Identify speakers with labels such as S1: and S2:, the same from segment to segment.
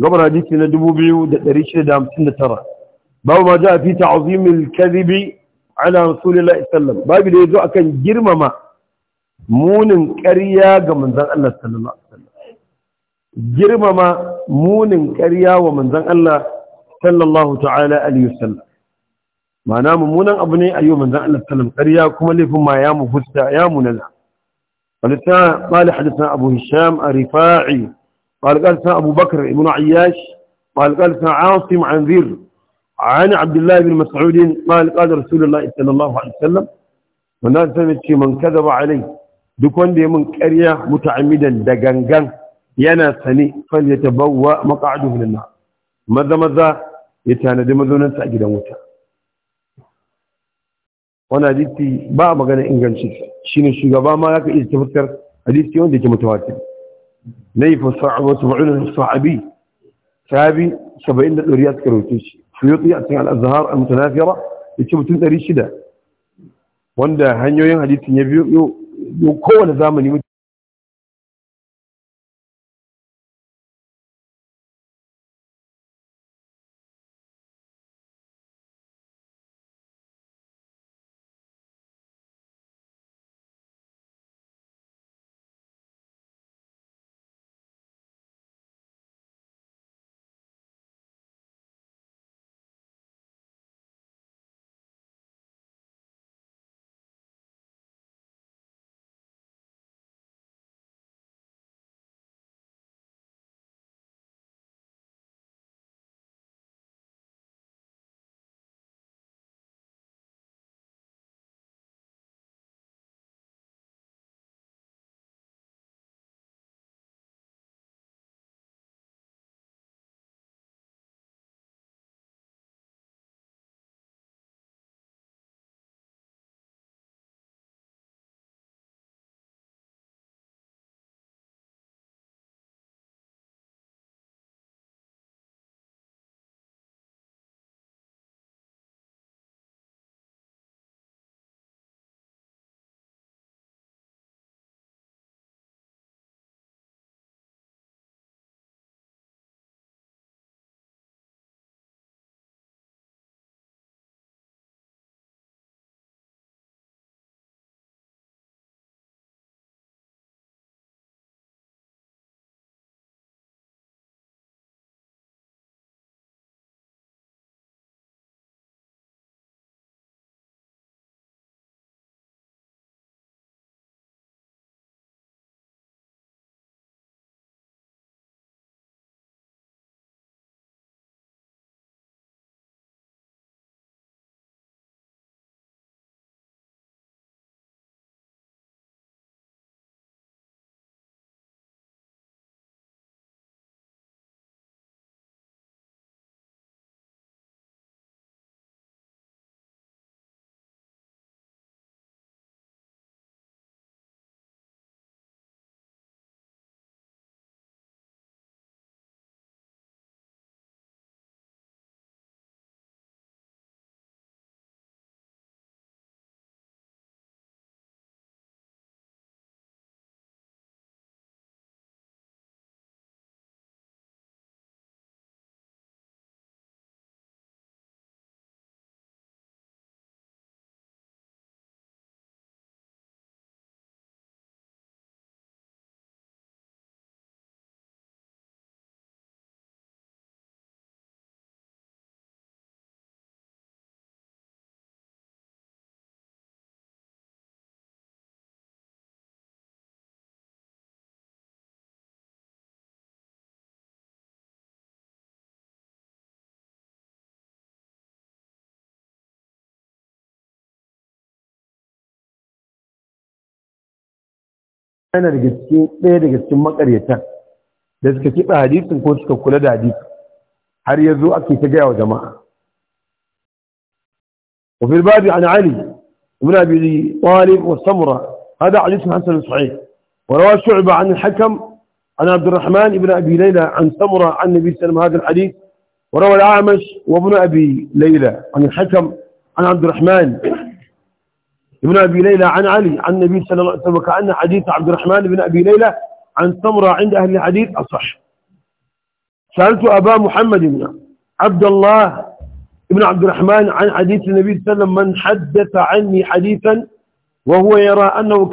S1: gabar hadisi na 2659 babu ma ja fi ta'zimil kadhibi ala rasulillahi sallallahu babu da yazo girmama munin ƙarya ga manzon Allah sallallahu girmama munin ƙarya wa manzon Allah sallallahu ta'ala alaihi wasallam ma'ana mummunan abu ne ayyo manzon Allah sallallahu kuma laifin ma ya mu fusta ya munala ولسان قال حدثنا أبو هشام الرفاعي قال قال أبو بكر بن عياش قال قال عاصم عن ذر عن عبد الله بن مسعود قال قال رسول الله صلى الله عليه وسلم duk wanda ya mun ƙarya muta'ammidan da gangan yana sani fal ya tabawwa maq'aduhu lin nar maza maza ya tanadi mazaunan sa a gidan wuta wannan hadisi ba magana inganci shine shugaba ma zaka iya tabbatar hadisi wanda yake mutawatir laifu saba'in sahabi ta 70 da ɗari a suka rauce shi suyuti a cikin al'azhar al-mutanafira yace mutum 600 wanda hanyoyin hadisin ya biyo kowane zamani yana daga cikin ɗaya daga cikin makaryatan da suka kiɓa hadisin ko suka kula da hadisin har ya zo ake ta gaya wa jama'a وفي الباب عن علي بن أبي طالب والسمرة هذا حديث حسن صحيح وروى شعبة عن الحكم عن عبد الرحمن بن أبي ليلى عن سمرة عن النبي صلى الله عليه وسلم هذا الحديث وروى الأعمش وابن أبي ليلى عن الحكم عن عبد الرحمن ابن أبي ليلى عن علي عن النبي صلى الله عليه وسلم وكأن حديث عبد الرحمن بن أبي ليلى عن سمرة عند أهل الحديث أصح سألت أبا محمد بن عبد الله ابن عبد الرحمن عن حديث النبي صلى الله عليه وسلم من حدث عني حديثا وهو يرى أنه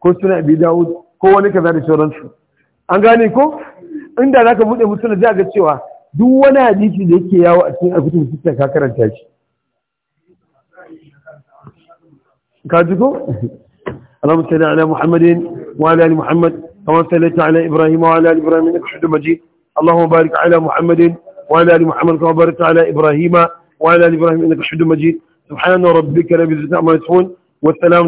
S1: ko suna abi dawud ko wani kaza da sauransu an gane ko inda zaka bude musuna za ga cewa duk wani hadisi da yake yawo a cikin alkutun sita ka karanta shi ka ji ko اللهم صل على محمد وعلى ال محمد كما صليت على ابراهيم وعلى ال ابراهيم انك حميد مجيد اللهم بارك على محمد وعلى ال محمد كما باركت على ابراهيم وعلى ال ابراهيم انك حميد مجيد سبحان ربك رب العزه عما يصفون والسلام